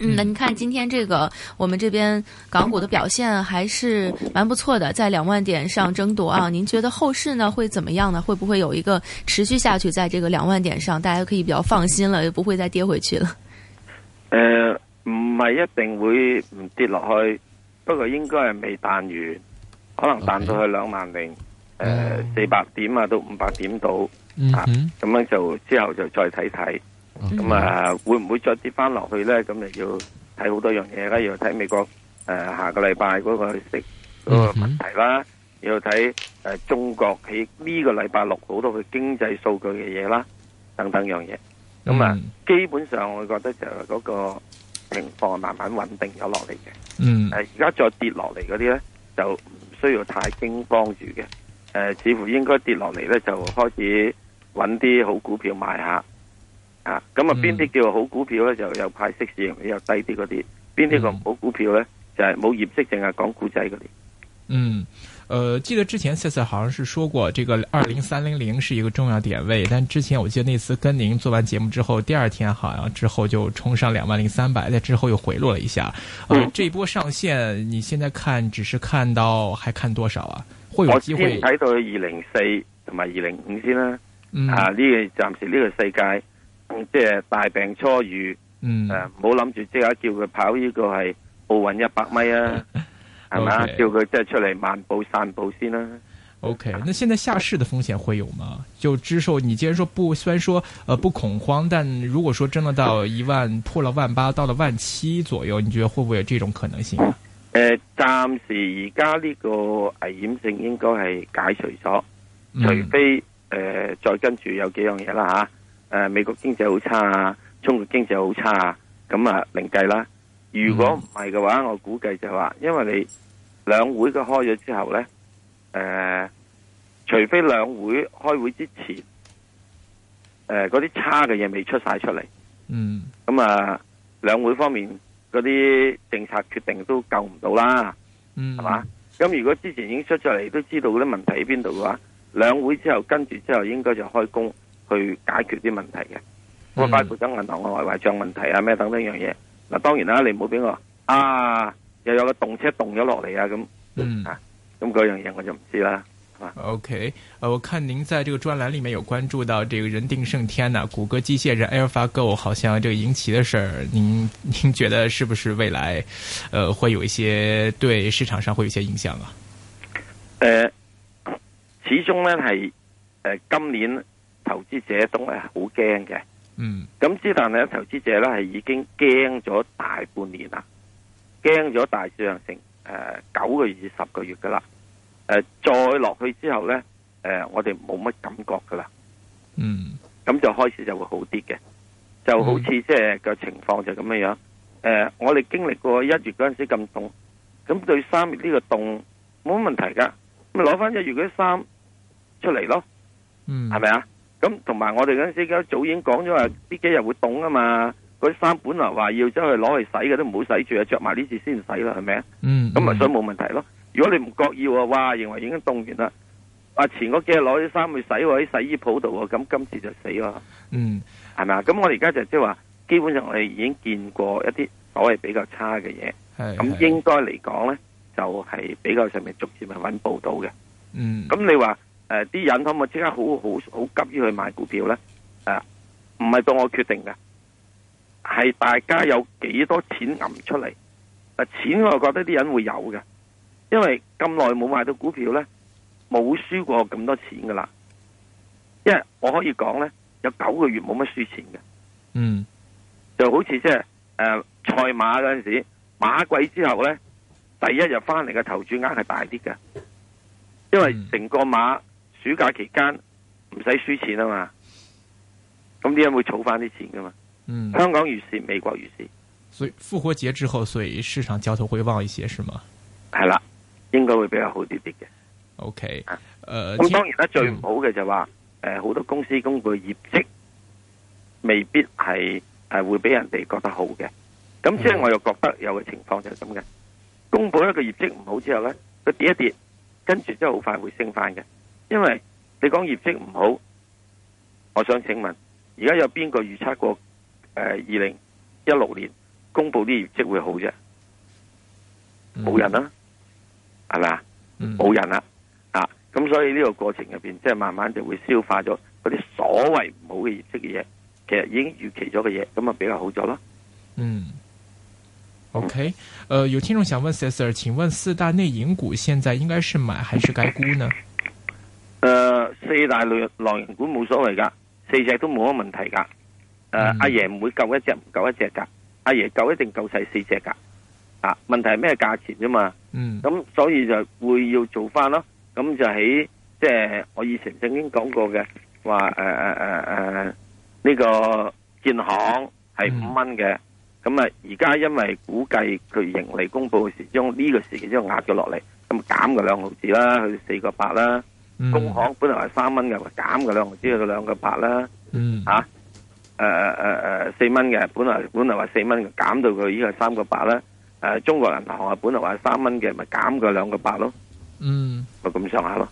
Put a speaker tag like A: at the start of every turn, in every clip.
A: 嗯，那你看今天這個我們這邊港股的表現還是蠻不錯的，在兩萬點上爭奪啊。您覺得後市呢會怎麼樣呢？會不會有一個持續下去，在這個兩萬點上，大家可以比較放心了，也不會再跌回去
B: 了。誒、呃，唔係一定會唔跌落去，不過應該係未彈完，可能彈到去兩萬零誒四百點啊到五百點度，mm
C: -hmm. 啊，
B: 咁樣就之後就再睇睇。咁啊，會唔會再跌翻落去咧？咁你要睇好多樣嘢，啦，要睇美國誒、呃、下個禮拜嗰個息嗰個問題啦，哦、要睇誒、呃、中國喺呢個禮拜六好多嘅經濟數據嘅嘢啦，等等樣嘢。
C: 咁、嗯、
B: 啊，基本上我覺得就嗰個情況慢慢穩定咗落嚟嘅。
C: 嗯。誒、呃，
B: 而家再跌落嚟嗰啲咧，就唔需要太驚慌住嘅。誒、呃，似乎應該跌落嚟咧，就開始揾啲好股票賣下。啊，咁啊，邊啲叫好股票咧、嗯？就又派息、市盈比又低啲嗰啲，邊啲個唔好股票咧？就係冇業績淨係講古仔嗰啲。嗯，誒、
D: 就是嗯呃，記得之前 Sister 好像是說過，這個二零三零零是一個重要點位。但之前我記得那次跟您做完節目之後，第二天好像之後就衝上兩萬零三百，但之後又回落了一下。啊、呃嗯，這一波上限你現在看，只是看到還看多少啊？會有機會，我先
B: 睇到二零四同埋二零五先啦、嗯。啊，呢個暫時呢個世界。即係大病初癒，誒、嗯，唔好諗住即刻叫佢跑呢個係奧運一百米啊，係 嘛？Okay. 叫佢即係出嚟，漫步散步先啦、
D: 啊。O、okay. K，那現在下市的風險會有嗎？就指數，你既然說不，雖然說誒、呃、不恐慌，但如果說真的到一萬破了萬八，到了萬七左右，你覺得會唔會有這種可能性？誒、
B: 呃，暫時而家呢個危險性應該係解除咗、
D: 嗯，除
B: 非誒、呃、再跟住有幾樣嘢啦吓。誒、呃，美國經濟好差，啊中國經濟好差，啊咁啊，另計啦。如果唔係嘅話，mm. 我估計就係話，因為你兩會嘅開咗之後咧，誒、呃，除非兩會開會之前，誒、呃，嗰啲差嘅嘢未出晒出嚟，嗯，咁啊，兩會方面嗰啲政策決定都救唔到啦，嗯、mm.，係嘛？咁如果之前已經出咗嚟，都知道嗰啲問題喺邊度嘅話，兩會之後跟住之後應該就開工。去解決啲問題嘅，包括咗銀行嘅外圍賬問題啊咩等等一樣嘢。嗱當然啦，你唔好俾我啊，又有個動車動咗落嚟啊咁，嗯啊，咁、那、嗰、個、樣嘢我就唔知啦。
D: OK，呃我，看啊啊、我看您在這個專欄裡面有關注到這個人定勝天啊，谷歌機械人 AlphaGo 好像這個贏棋的事兒，您您覺得是不是未來，呃，會有一些對市場上會有些影響啊？誒、
B: 呃，始終呢係誒、呃、今年。投資者都係好驚嘅，嗯，咁之但係咧，投資者咧係已經驚咗大半年啦，驚咗大上成誒九個月、至十個月噶啦，誒、呃，再落去之後咧，誒、呃，我哋冇乜感覺噶啦，嗯，咁就開始就會好啲嘅，就好似即係個情況就咁樣樣，誒、呃，我哋經歷過一月嗰陣時咁凍，咁對三月呢個凍冇乜問題噶，咁咪攞翻一月嗰啲衫出嚟咯。嗯，係咪啊？咁同埋我哋嗰陣時，早已經講咗話，呢幾日會凍啊嘛。嗰啲衫本來，話要出去攞去洗嘅，都唔好洗住啊，着埋呢次先洗啦，係咪啊？嗯，咁、嗯、啊，所以冇問題咯。如果你唔覺意啊，哇，認為已經凍完啦，啊前嗰幾日攞啲衫去洗喺洗衣鋪度喎，咁今次就死喎。嗯，係咪啊？咁我哋而家就即係話，基本上我哋已經見過一啲所謂比較差嘅嘢，係咁應該嚟講咧，就係、是、比較上面逐漸係穩報道嘅。嗯，咁、嗯、你話？誒、呃，啲人咁我即刻好好好急於去買股票咧？誒、啊，唔係到我決定嘅，係大家有幾多錢揞出嚟？嗱、啊，錢我就覺得啲人會有嘅，因為咁耐冇買到股票咧，冇輸過咁多錢噶啦。因為我可以講咧，有九個月冇乜輸錢嘅。嗯，就好似即係誒賽馬嗰陣時，馬季之後咧，第一日翻嚟嘅投注額係大啲嘅，因為成個馬。嗯暑假期間唔使輸錢啊嘛，咁啲人會儲翻啲錢噶嘛。嗯，香港如是，美國如是。
D: 所以復活節之後，所以市場交投會旺一些，是嗎？
B: 係啦，應該會比較好啲啲嘅。OK，誒，當然咧，最唔好嘅就話、是，誒、嗯，好多公司公布業績未必係係會俾人哋覺得好嘅。咁即係我又覺得有個情況就係咁嘅，公布一個業績唔好之後咧，佢跌一跌，跟住之後好快會升翻嘅。因為你講業績唔好，我想請問，而家有邊個預測過誒二零一六年公布啲業績會好啫？冇人啦，係咪啊？冇、嗯、人啦啊！咁、嗯啊、所以呢個過程入邊，即係慢慢就會消化咗嗰啲所謂唔好嘅業績嘅嘢，其實已經預期咗嘅嘢，咁啊比較好咗咯。嗯
C: ，OK，誒、
D: 呃，有聽眾想問 Sir， 請問四大內銀股現在應該是買還是該沽呢？
B: 四大類類人股冇所謂噶，四隻都冇乜問題噶。誒、嗯，阿爺唔會救一隻唔救一隻噶，阿、啊、爺救一定救晒四隻噶。啊，問題係咩價錢啫嘛？
C: 嗯，咁
B: 所以就會要做翻咯。咁就喺即係我以前曾經講過嘅，話誒誒誒誒呢個建行係五蚊嘅。咁、嗯、啊，而家因為估計佢盈利公布嘅時候呢個時期將壓咗落嚟，咁減個兩毫子啦，去四個八啦。工、嗯、行本來係三蚊嘅，話減佢兩，個，只有佢兩個八啦。吓、嗯，誒誒誒誒，四蚊嘅，本來本來話四蚊嘅，減到佢依個三個八啦。誒、呃，中國銀行啊，本來話三蚊嘅，咪減佢兩個八咯。嗯，咪咁上下咯。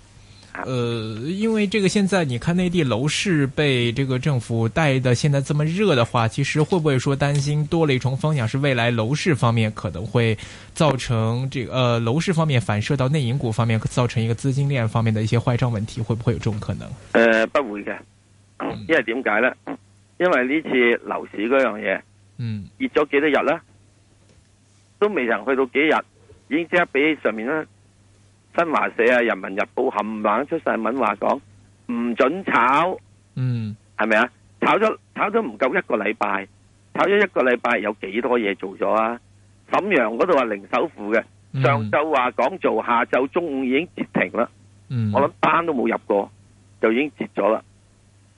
D: 呃，因為這個現在，你看內地樓市被這個政府帶的，現在這麼熱的話，其實會不會說擔心多了一重風險，是未來樓市方面可能會造成這個，呃，樓市方面反射到內銀股方面，造成一個資金鏈方面的一些壞賬問題，會不會有這種可能？
B: 呃，不會嘅，因為點解咧？因為呢次樓市嗰樣嘢，嗯，跌咗幾多日啦，都未曾去到幾日，已經即刻俾上面咧。新華社啊，《人民日報》冚唪出晒文話講唔准炒，嗯，係咪啊？炒咗炒咗唔夠一個禮拜，炒咗一個禮拜有幾多嘢做咗啊？瀋陽嗰度話零首付嘅，嗯，上晝話講做，下晝中午已經截停啦。嗯，我諗單都冇入過就已經截咗啦，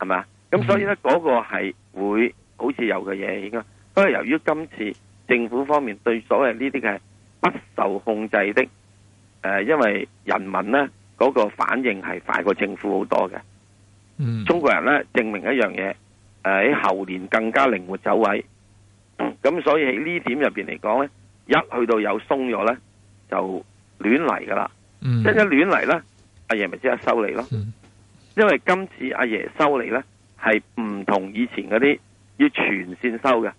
B: 係咪啊？咁所以咧，嗰、嗰個係會好似有嘅嘢，應該，不過由於今次政府方面對所謂呢啲嘅不受控制的。誒、呃，因為人民呢嗰、那個反應係快過政府好多嘅、嗯，
C: 中
B: 國人呢，證明一樣嘢，誒、呃、喺後年更加靈活走位，咁所以喺呢點入邊嚟講呢，一去到有鬆咗呢，就亂嚟噶啦，即係一亂嚟呢，阿爺咪即刻收你咯，因為今次阿爺收你呢，係唔同以前嗰啲要全綫收嘅，誒、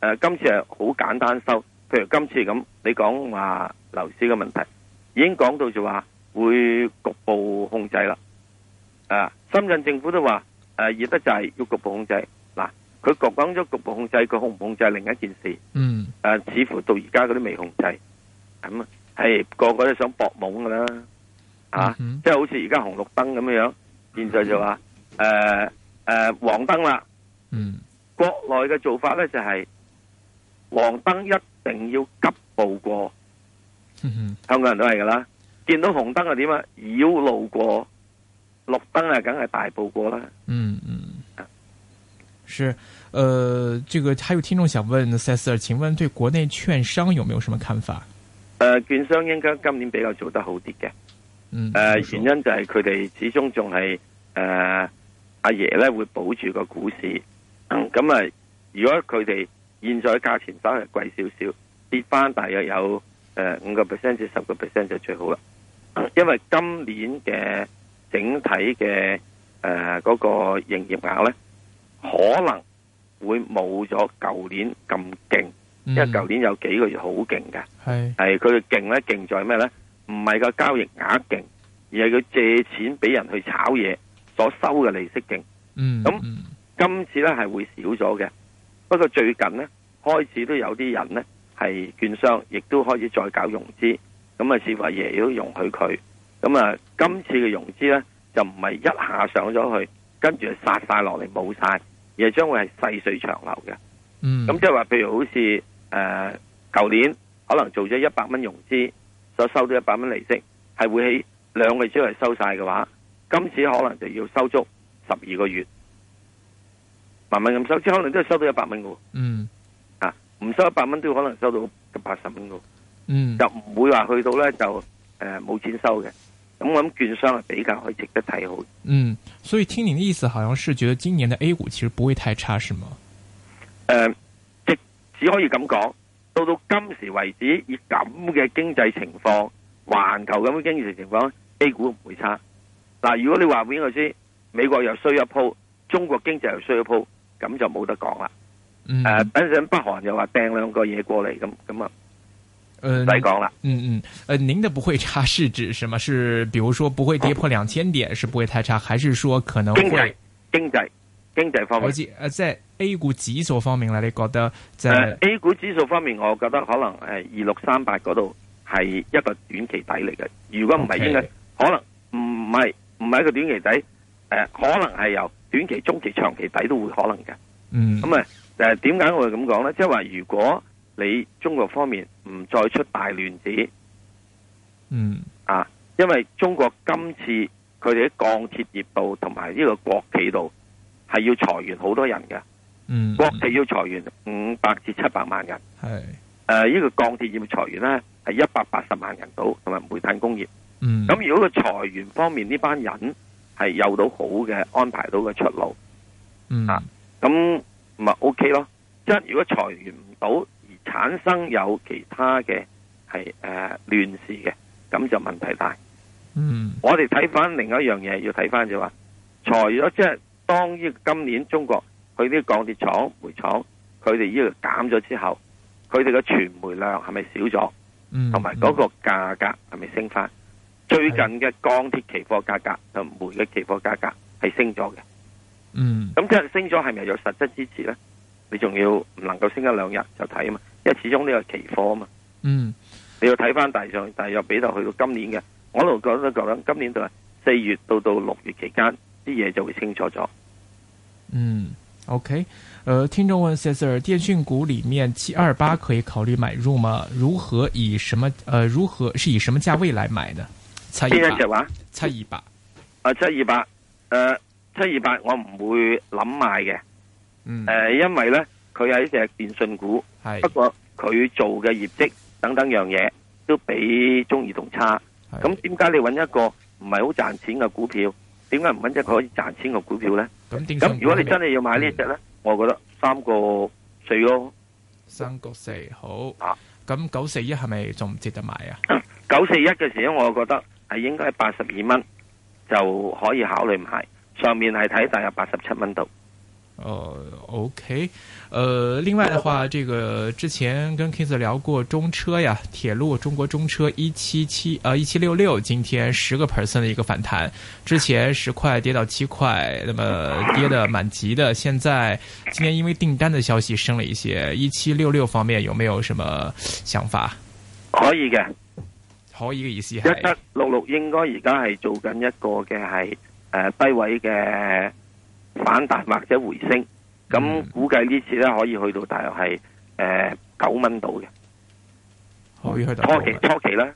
B: 呃，今次係好簡單收，譬如今次咁，你講話樓市嘅問題。已經講到就話會局部控制啦，啊，深圳政府都話誒熱得滯要局部控制，嗱、啊，佢講講咗局部控制，佢控唔控制另一件事，嗯，誒、啊，似乎到而家嗰啲未控制，咁係個個都想搏懵㗎啦，
C: 啊，嗯、
B: 即係好似而家紅綠燈咁樣樣，現在就話誒誒黃燈啦，嗯，國內嘅做法咧就係、是、黃燈一定要急步過。嗯、哼香港人都係噶啦，見到紅燈係點啊？繞路過，綠燈啊，梗係大步過啦。嗯嗯，
D: 是，呃，這個還有聽眾想問石 Sir 請問對國內券商有沒有什麼看法？
B: 誒、呃，券商應該今年比較做得好啲嘅。誒、嗯呃，原因就係佢哋始終仲係誒阿爺咧會保住個股市，咁、嗯、啊、呃，如果佢哋現在價錢稍為貴少少，跌翻大約有。誒，五個 percent 至十個 percent 就最好啦，因為今年嘅整體嘅誒嗰個營業額咧，可能會冇咗舊年咁勁，因為舊年有幾個月好勁嘅，係佢嘅勁咧，勁在咩咧？唔係個交易額勁，而係佢借錢俾人去炒嘢所收嘅利息勁。咁、嗯、今次咧係會少咗嘅，不過最近咧開始都有啲人咧。係券商，亦都開始再搞融資，咁啊，似乎阿爺亦都容許佢。咁啊，今次嘅融資呢，就唔係一下上咗去，跟住就殺晒落嚟冇晒，而係將會係細水長流嘅。嗯，咁即係話，譬如好似誒，舊、呃、年可能做咗一百蚊融資，所收到一百蚊利息，係會喺兩個月之內收晒嘅話，今次可能就要收足十二個月，慢慢咁收，即可能都係收到一百蚊嘅。嗯。唔收一百蚊都可能收到八十蚊嘅，就唔會話去到咧就誒冇、呃、錢收嘅。咁我諗券商係比較可以值得睇好。嗯，
D: 所以聽您的意思，好像是覺得今年的 A 股其實不會太差，是嗎？誒、
B: 呃，只只可以咁講，到到今時為止，以咁嘅經濟情況、環球咁嘅經濟情況，A 股唔會差。嗱、呃，如果你話俾我知美國又衰一鋪，中國經濟又衰一鋪，咁就冇得講啦。誒，等陣北韓又話掟兩個嘢過嚟咁咁啊，唔
D: 使講啦。嗯嗯，誒，您的不會差是指什麼？是，比如說不會跌破兩千點，是不會太差，還是說可能會經濟
B: 經濟經濟方面，而且
D: 誒，在 A 股指數方面咧，你覺得即係、啊、
B: A 股指數方面，我覺得可能誒二六三八嗰度係一個短期底嚟嘅。如果唔係，應、okay, 該可能唔係唔係一個短期底，誒、呃，可能係由短期、中期、長期底都會可能嘅。嗯，咁啊。誒、呃，點解我會咁講呢？即係話，如果你中國方面唔再出大亂子，嗯啊，因為中國今次佢哋喺鋼鐵業度同埋呢個國企度係要裁員好多人嘅，嗯，國企要裁員五百至七百萬人，係呢、呃這個鋼鐵業嘅裁員呢係一百八十萬人到，同埋煤炭工業，咁、嗯、如果個裁員方面呢班人係有到好嘅安排到嘅出路，嗯咁。啊嗯咪 OK 咯，即係如果裁員唔到而產生有其他嘅係誒亂事嘅，咁就問題大。嗯，我哋睇翻另外一樣嘢，要睇翻就話、是，裁咗即係當於今年中國佢啲鋼鐵廠、煤廠，佢哋呢度減咗之後，佢哋嘅存煤量係咪少咗？
C: 同埋嗰
B: 個價格係咪升翻、嗯嗯？最近嘅鋼鐵期貨價格同煤嘅期貨價格係升咗嘅。嗯，咁今日升咗係咪有實質支持咧？你仲要唔能夠升一兩日就睇啊嘛？因為始終呢個期貨啊嘛。嗯，你要睇翻大上，大約比到去到今年嘅，我一路講都講緊今年就係四月到到六月期間啲嘢就會清楚咗。嗯
C: ，OK，
D: 誒、呃，聽眾問石 Sir，電訊股裏面七二八可以考慮買入嗎？如何以什麼？誒、呃，如何是以什麼價位來買呢？
B: 七一隻話，七二八啊，七二八誒。呃七二八我唔會諗賣嘅，誒、嗯呃，因為呢，佢係一隻電信股，不過佢做嘅業績等等樣嘢都比中移動差。咁點解你揾一個唔係好賺錢嘅股票，點解唔揾隻可以賺錢嘅股票咧？
C: 咁、嗯、
D: 如果你真係
B: 要買這一隻呢一隻咧，我覺得三個四咯，
D: 三個四好。啊，咁九四一係咪仲唔值得買啊？
B: 九四一嘅時候，我覺得係應該八十二蚊就可以考慮買。上面係睇大約八十七蚊度。哦
D: ，OK，呃，另外的話，okay. 這個之前跟 Kiss 聊過中車呀，鐵路中國中車一七七，呃，一七六六，今天十個 percent 的一個反彈，之前十塊跌到七塊，那麼跌的蠻急的，現在今天因為訂單的消息升了一些，一七六六方面有沒有什麼想法？
B: 可以嘅，可以嘅意思係一七六六應該而家係做緊一個嘅係。誒、呃，低位嘅反彈或者回升，咁估計呢次咧可以去到大約係誒九蚊度
D: 嘅，可以去到初期初
B: 期咧，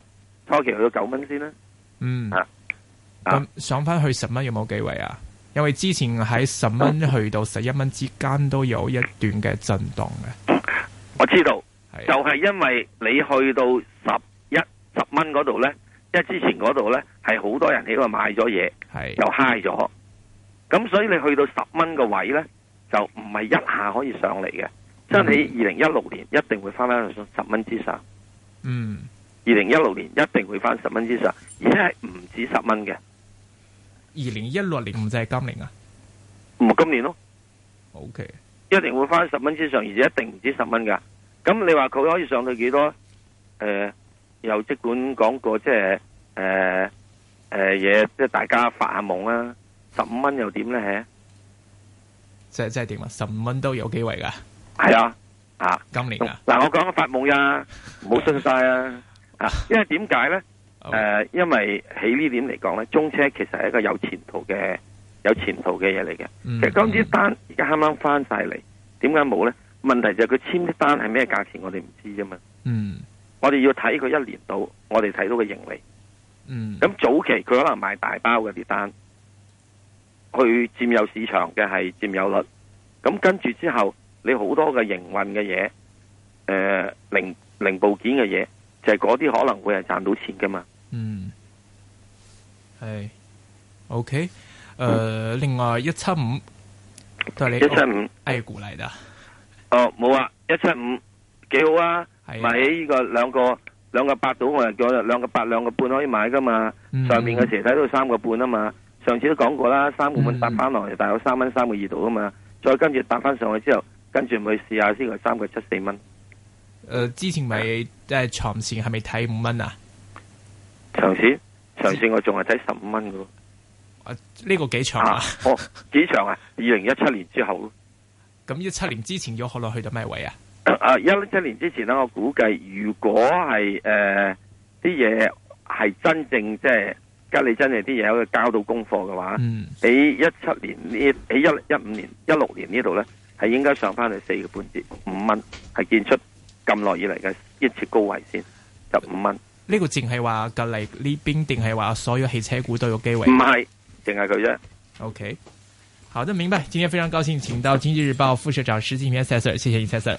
B: 初期去到九蚊先啦。嗯
D: 啊，咁上返去十蚊有冇機會啊？因為之前喺十蚊去到十一蚊之間都有一段嘅震蕩嘅。
B: 我知道，是就係、是、因為你去到十一十蚊嗰度咧。因為之前嗰度呢，係好多人喺度買咗嘢，又 high 咗，咁所以你去到十蚊個位呢，就唔係一下可以上嚟嘅。即係你二零一六年一定會翻翻十蚊之上。嗯，二零一六年一定會翻十蚊之上，而且係唔止十蚊嘅。
D: 二零一六年唔就係今年啊？
B: 唔，今年咯。Okay，一定會翻十蚊之上，而且一定唔止十蚊噶。咁你話佢可以上到幾多？誒、呃？又即管講過即係誒誒嘢，即係、呃呃、大家發下夢啊！十五蚊又點咧？吓，即
D: 係即係點啊？十五蚊都有機會噶。
B: 係啊，啊，今年啊，嗱、啊，我講個發夢唔好信晒啊，啊，因為點解咧？誒、 呃，因為喺呢點嚟講咧，中車其實係一個有前途嘅有前途嘅嘢嚟嘅。其實嗰啲單而家啱啱翻晒嚟，點解冇咧？問題就係佢簽啲單係咩價錢，我哋唔知啫嘛。嗯。我哋要睇佢一年度，我哋睇到佢盈利。嗯，
C: 咁
B: 早期佢可能賣大包嘅啲單，去占有市場嘅係佔有率。咁跟住之後，你好多嘅營運嘅嘢，誒、呃，零零部件嘅嘢，就係嗰啲可能會係賺到錢噶嘛。嗯，
C: 係。
D: OK，誒，另外一七五，再嚟一七
B: 五，係古嚟啊？哦，冇啊，一七五幾好啊？買起呢個兩個兩個八到，我係叫兩個八兩個半可以買噶嘛。上面嘅斜睇到三個半啊嘛。上次都講過啦，三個半搭翻落嚟，大概三蚊三個二度啊嘛。再跟住搭翻上去之後，跟住咪試下先，係三個七四蚊。
D: 誒，之前咪即係長線係咪睇五蚊啊？
B: 長線長線我仲係睇十五蚊噶。啊，呢、這個幾長啊？ 哦，幾長啊？二零一七年之後咯。
D: 咁一七年之前要可落去到咩位啊？
B: 誒，一七年之前咧，我估計如果係誒啲嘢係真正即係隔籬，真係啲嘢有個交到功課嘅話，喺一七年，在在15年 ,16 年這裡呢，喺一一五年、一六年呢度咧，係應該上翻去四個半點五蚊，係見出咁耐以嚟嘅一次高位先，十五蚊。
D: 呢個淨係話隔籬呢邊，定係話所有汽車股都有機會？唔
B: 係，淨係佢啫。
D: OK，好的，明白。今天非常高興，請到《經濟日報》副社長石鏡泉 Sir，謝謝你，Sir。